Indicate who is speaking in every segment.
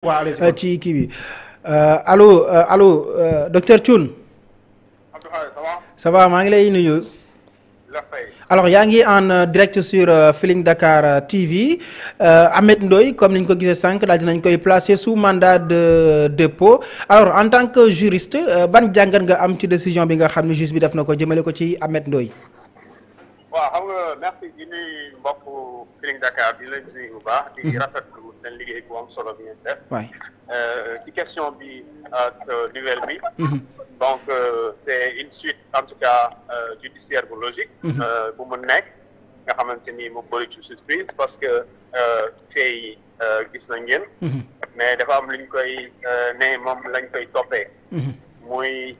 Speaker 1: Euh, ci kii bi euh, allo euh, allo docteur Thioune. ça maa ngi lay nuyu. alors yaa ngi en direct sur Feeling Dakar TV Ahmed ndoy comme ni ñu ko gisee sànq di nañ koy placer sous mandat de dépôt alors en tant que juriste ban jàngat nga am ci décision bi nga xam ne juge bi def na ko jëmale ko ci Ahmed Ndoye.
Speaker 2: waaw xam nga merci di mbokk Feeling Dakar di leen bu baax. di mhm. rafetlu seen liggéey bu am solo bi ngeen def. waay euh, ci question bi ak euh, nouvelle bi. Mhm. donc euh, c' est une suite en tout cas judiciaire bu logique. Mhm. bu mu nekk nga xamante ni mu bëri ci surprise parce que fee yi gis nañ ngeen. mais dafa am lu ñu koy ne moom lañ koy toppee. muy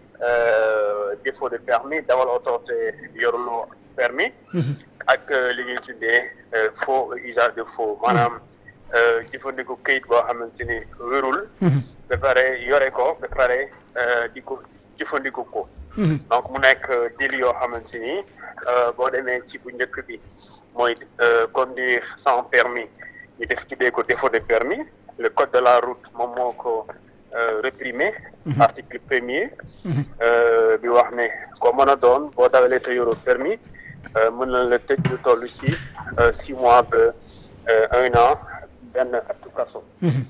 Speaker 2: défaut de permis dawal oto te yoruloo. permis mhm. ak euh, li ñuy tuddee euh, faux usage de faux maanaam mhm. euh, jëfandiku këyit boo xamante ni wérul mhm. ba pare yore ko ba pare di ko jëfandiku ko donc mu nekk délit yoo xamante ni boo demee ci bu njëkk bi mooy conduire sans permis ñu def tuddee ko défaut de permis le code de la route moom moo ko Euh, réprimé mm -hmm. article premier bi wax ne ko mën a doon boo dawalee te yoroo permis Euh, mën nañ la tëj lu toll ci euh, six mois ba euh, un an benn atu kaso mhm.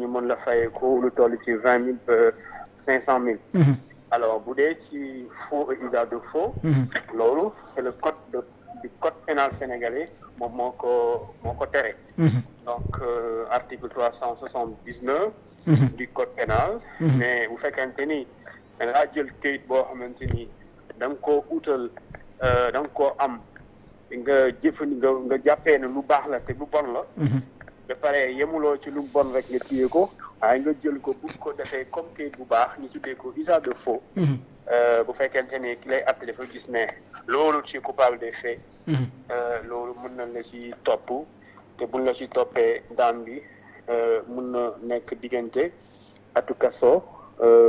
Speaker 2: ñu mën la fay ko lu toll ci vingt mille ba cinq cent mille mhm. alors bu dee ci faux et usage de faux mhm. loolu c'est le code de du code pénal sénégalais moom moo ko moo ko tere donc article trois cent soixante dix neuf du code pénal mais bu fekkente ni da ngaa jël këyit boo xamante ni da nga ko utal Euh, da nga koo am nga jëfandi nga nga jàppee ne lu baax la te lu bon la. Mhm. ba pare yemuloo ci lu bon rek nga téye ko waaye nga jël ko bu ko defee comme kayit bu baax ñu tuddee ko usage de faux. Mhm. Euh, bu fekkente ni ki lay àtte dafa gis ne loolu ci coupable des faits. Mhm. Euh, loolu mën na la ci topp te buñ la ci toppee daan bi mun na nekk diggante atu kaso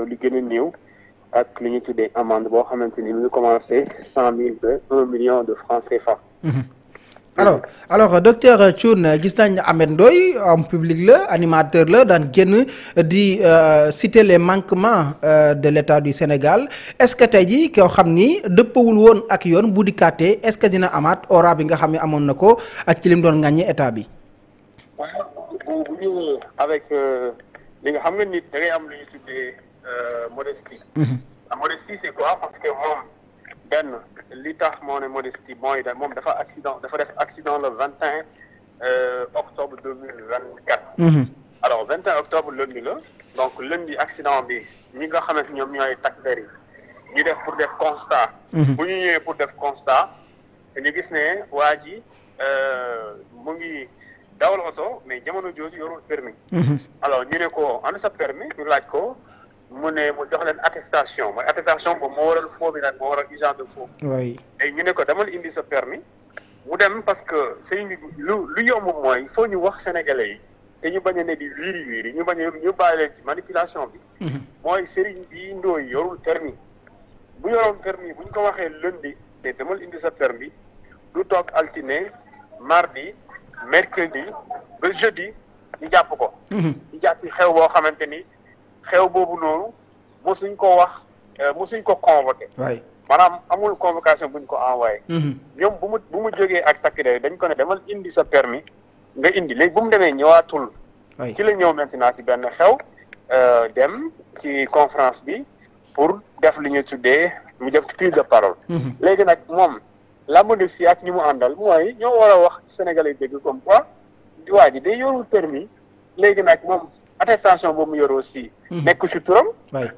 Speaker 2: lu gën a néew. ak lu ñu tuddee amende boo xamante ni mu ngi commencé cent mille ba million de francs CFA.
Speaker 1: Mhm. alors alors docteur Thioune gis nañ Ahmed Ndoye homme public la animateur la daan génn di euh, citer les manquement euh, de l'État du Sénégal est-ce que tey jii koo xam ni dëppawul woon ak yoon bu dikkaatee est-ce que dina amaat aura bi nga xam ne amoon na ko ak ci lim doon ŋàññee bi.
Speaker 2: Euh, nga nit da am lu ñu tuddee Euh, modestie. Mhm. modestie c'est quoi parce que moom benn li tax moo ne modestie mooy da moom dafa accident dafa def accident le vingt et un euh, octobre deux mille vingt quatre. Mhm. alors vingt et un octobre lundi la donc lundi accident bi ñi nga xamante ñoom ñooy takk der ñu def pour def constat. Mhm. bu ñu ñëwee pour def constat ñu gis ne waa ji euh, mu ngi. dawal oto mais jamono jooju yorul permis alors ñu ne ko am sa permis ñu laaj ko mu ne mu jox leen attestation mooy attestation boobu moo waral faux bi nag moo waral usage de faux. oui ñu ne ko dama la indi sa permis mu dem parce que sëñ bi lu lu yomb mooy il ñu wax sénégalais yi te ñu bañ a ne di wiiri wiiri ñu bañ a ñu bàyyi leen ci manipulation bi. Mhm. mooy sëriñ bi ndooy yorul permis bu yoroon permis bu ñu ko waxee lundi te dama la indi sa permis du toog altine mardi mercredi ba jeudi ñu jàpp ko. ñu mhm. jàpp ko xew boo xamante ni. xew boobu noonu suñ ko wax euh, suñ ko convoqué maanaam amul convocation buñ ko envoyé mm-hmm. ñoom bu mu bu mu jógee ak takk day dañ ko ne demal indi sa permis nga indi léegi bu mu demee ñëwaatul ci la ñëw maintenant ci benn xew euh, dem ci conférence bi pour def li ñu tuddee mu def prise de parole mm-hmm. léegi nag moom la modestie ak ñi mu àndal mooy ñoo war a wax sénégalais dégg comme quoi waa ji day yorul permis léegi nag moom attestation boobu mu yor aussi. Mhm. nekk ci turam.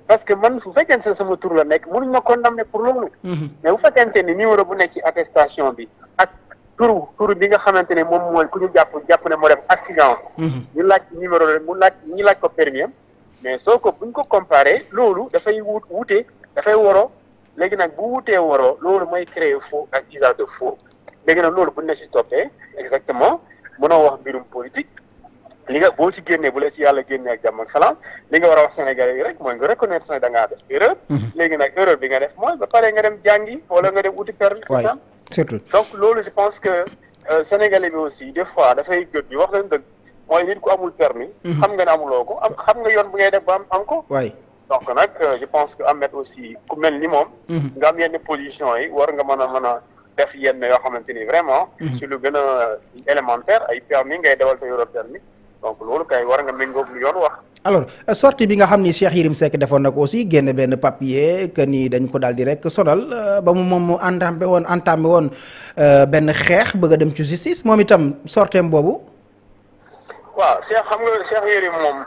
Speaker 2: parce que man fu fekkente ne sama tur la nekk mënuñ ma condamner pour loolu. Mhm. mais bu fekkente ni numéro bu nekk ci attestation bi ak turu turu bi nga xamante ne moom mooy ku ñu jàpp jàpp ne moo def accident. Mhm. ñu laaj numéro la mu laaj ñu laaj ko permis mais soo ko bu ñu ko comparé loolu dafay wut wute dafay woro léegi nag bu wutee waroo loolu mooy créer faux ak usage de faux léegi nag loolu buñ la ci toppee exactement mënoo wax mbirum politique. li nga boo ci génnee bu la ci yàlla génnee ak jàmm ak salaam li nga war a wax Sénégalais yi rek mooy nga reconnaître ne da ngaa def erreur. Mhm. léegi nag erreur bi nga def mooy ba pare nga dem jàngi wala nga dem uti fer. waay surtout donc loolu je pense que euh, Sénégalais bi aussi des fois dafay gët ñu wax leen dëgg mooy nit ku amul permis mhm. xam nga ne amuloo ko am xam nga yoon bu ngay def ba am am ko. waay donc nag euh, je pense que Ahmed aussi ku mel ni moom. Mhm. nga am yenn position yi war nga mën a mën a. def yenn yoo xamante ni vraiment. ci lu gën a euh, élémentaire ay permis ngay dawal te yoroo permis donc loolu kay war nga méngóog lu yoon wax.
Speaker 1: alors sortie bi nga xam ni Cheikh Yérim Seck defoon na ko aussi génn benn papier que ni dañ ko daal di rek sonal euh, ba mu moom mu entamé woon entamé woon euh, benn xeex bëgg a dem ci justice moom itam sorteem boobu.
Speaker 2: waaw Cheikh xam nga Cheikh Yérim moom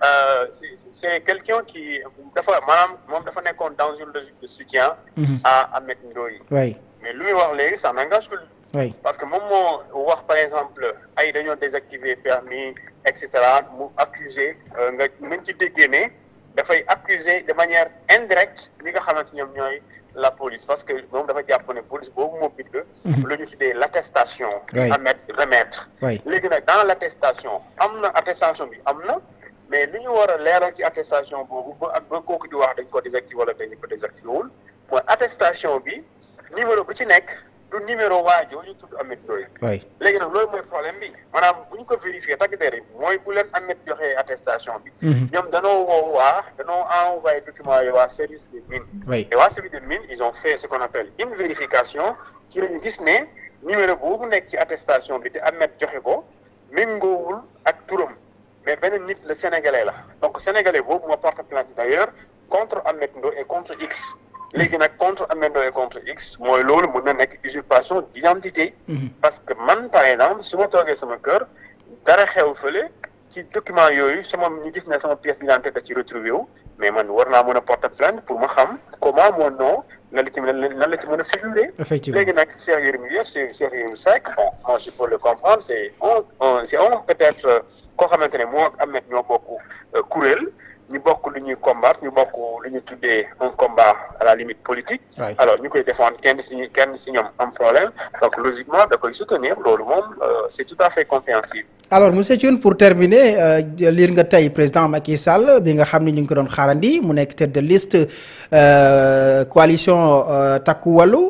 Speaker 2: euh, c'est quelqu'un qui dafa maanaam moom dafa nekkoon dans une logique de soutien. Mhm. à Ahmed Ndoye. oui mais lu muy wax léegi ça n'engage que oui parce que moom moo wax par exemple ay dañoo désactiver permis et cetera mu accuser euh, nga nañ ci déggee ne dafay accuser de manière indirecte li nga xamante ñoom ñooy la police parce que moom dafa jàpp ne police boobu moo bind. Mhm. lu ñu tuddee l' attestation. à mettre remettre. léegi nag dans l' attestation am na attestation bi am na. mais lu ñu war a leeral ci attestation boobu ba ak ba kooku di wax dañ ko désactiver wala dañu ko désactiver wul mooy attestation bi numéro bu ci nekk. du numéro waa ji ñu tudd Ameth Ndoye. léegi nag loolu mooy problème bi maanaam bu ñu ko vérifié takk der yi mooy bu leen Ameth joxee attestation bi. Mhm. ñoom danoo woo waa danoo envoyé document yi waa service des mines. waay service des mines ils ont fait ce qu'on appelle une vérification ci la ñu gis ne numéro boobu nekk ci attestation bi te Ameth joxe ko méngoowul ak turam mais benn nit la sénégalais la donc sénégalais boobu moo porte plainte d'ailleurs contre Ameth léegi nag contre amendo et contre x mooy loolu mën na nekk usurpation d'identité mhm. parce que man par exemple su ma toogee sama kër dara xew fële ci document yooyu sama ñu gis ne sama pièce d'identité da ci retrouvé wu mais man war naa mën a porter plainte pour ma xam comment mon nom nan la ci nan la ci mën a figuré effectivement léegi nag Cheikh Yérim Seck Cheikh Yérim Seck bon moi je peux le comprendre c'est on c'est on peut-être euh, koo xamante ne moo ak Ahmed ñoo bokk euh, kuréel ñu bokk lu ñuy combattre ñu bokk lu ñu tuddee un combat à la limite politique. alors ñu koy défendre kenn si kenn si am problème donc logiquement da koy soutenir loolu moom euh, c'est tout à fait compréhensible.
Speaker 1: alors monsieur Thioune pour terminer euh, liir nga tey président Macky Sall bi nga xam ni ñu ngi ko doon xaarandi mu nekk tête de liste euh, coalition euh, takku wàllu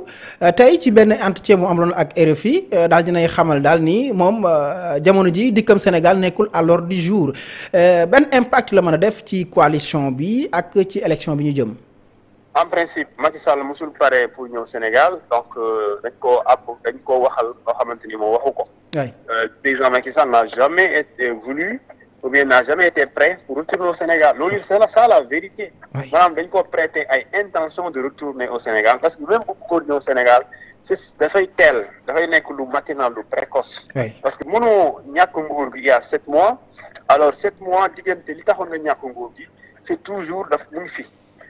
Speaker 1: tey ci benn entretien mu amaloon ak RFI daal dinay xamal daal ni moom jamono ji dikkam Sénégal nekkul à l'ordre du jour benn impact la mën a def ci coalition bi ak ci élection bi ñu jëm.
Speaker 2: en principe Macky Sall mosul pare pour ñëw Sénégal donc euh, dañ koo àpp dañ koo waxal loo xamante ni moo waxu ko. Euh, président Macky Sall n'a jamais été voulu ou bien n'a jamais été prêt pour retourner au Sénégal loolu c'est la ça la vérité. maanaam dañ ko prêter ay intention de retourner au Sénégal parce que même bu ko ñëw Sénégal c'est dafay teel dafay nekk lu matinal lu précoce. parce que mënoo ñàkk nguur y a sept mois alors sept mois diggante li taxoon nga ñàkk nguur gi c'est toujours daf mu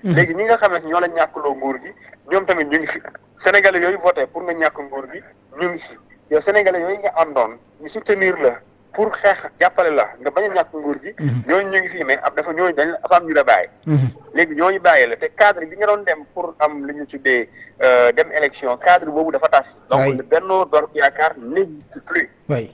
Speaker 2: Mhm. léegi ñi nga xam ne ñoo la ñàkkloo nguur gi ñoom tamit ñu ngi fi sénégalais yooyu voté pour nga ñàkk nguur gi ñu ngi fi yow sénégalais yooyu nga àndoon ñu soutenir la pour xeex jàppale la nga bañ a ñàkk nguur gi mhm. ñooñu ñu ngi fi mais ab dafa ñooñu dañ la afaam ñu la bàyyi mhm. léegi ñooñu bàyyi la te cadre bi nga doon dem pour am li ñu tuddee euh, dem élection cadre boobu dafa tas donc le Benno Bokk Yaakaar n'existe plus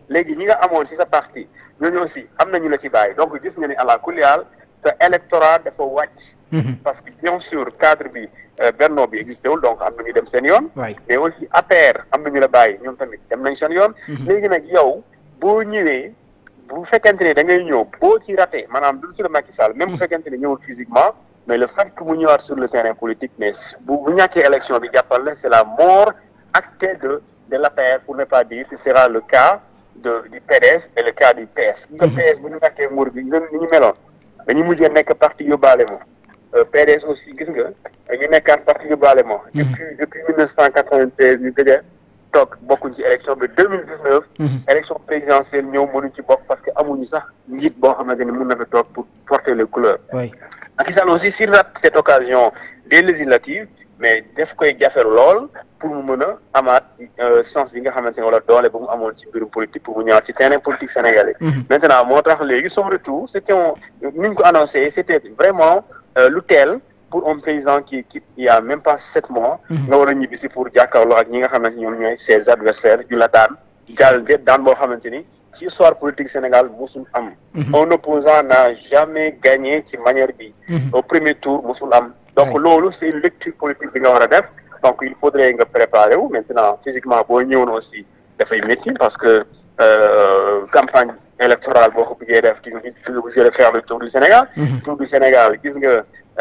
Speaker 2: léegi ñi nga amoon ci sa parti ñooñu aussi am nañu la ci bàyyi donc gis nga ni àla kuliyal sa électorat dafa wàcc. Mhm. parce que bien sûr cadre bi euh, benno bi existé wul donc am na ñu dem seen yoon. mais aussi APR am na ñu la bàyyi ñoom tamit dem nañ seen yoon. Mhm. léegi nag yow boo ñëwee bu fekkente ne da ngay ñëw boo ci raté maanaam du la Macky Sall même bu mhm. fekkente ne ñëwul physiquement. mais le fait que mu ñëwaat sur le terrain politique mais bu bu ñàkkee élection bi jàppal la c'est la mort actée de de l'APR pour ne pas dire ce sera le cas de du PDS et bu ñu ñàkkee nguur bi ñun ni ñu meloon. dañu mujjee nekk parti yóbbaale moom euh, PDS aussi gis nga ñu nekkaat parti yóbbaale moom mm-hmm. depuis depuis mille neuf cent quatre-vingt-treize ñu gëj a toog bokkuñ ci élection bi deux mille dix neuf mm-hmm. élection présidentielle ñëw mënuñ ci bokk parce que amuñu sax njiit boo xamante ne mun na fa toog pour porter les couleurs Macky Sall aussi s'il rate cette occasion des législatives mais def koy jafeelu lool pour mu mën a amaat euh, sens bi nga xamante ne wala doole ba mu amoon ci mbirum politique pour mu ñëwaat ci terrain politique sénégalais. Mm-hmm. maintenant moo tax léegi son retour c'était ni ñu ko annoncé c'était euh, lu teel pour un président qui quitte a même pas sept mois. Mm-hmm. nga war ñibbisi pour jàkkaarloo ak ñi nga xamante ñoom ñooy ses adversaires ñu la daan jàll de daan boo xamante ni ci histoire politique Sénégal musul am. Mm-hmm. un opposant n'a jamais gagné ci manière bi. au premier tour musul am. donc loolu c' est une lecture politique bi nga war a def donc il faudrait nga préparer wu maintenant physiquement boo ñëw aussi dafay métti parce que euh, campagne électorale boo ko bëggee def tu es obligé de faire le tour du Sénégal. Mm-hmm. tour du Sénégal gis nga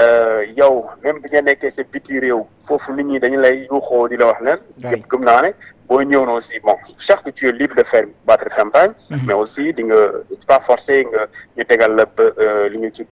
Speaker 2: euh, yow même bi nga nekkee sa biti réew foofu nit ñi dañu lay yuuxoo di la wax leen. yëpp gëm naa ne boo ñëwoon aussi bon chaque que tu es libre de faire battre campagne. Mm-hmm. mais aussi di nga pas forcer nga ñu tegal la euh, li ñu ci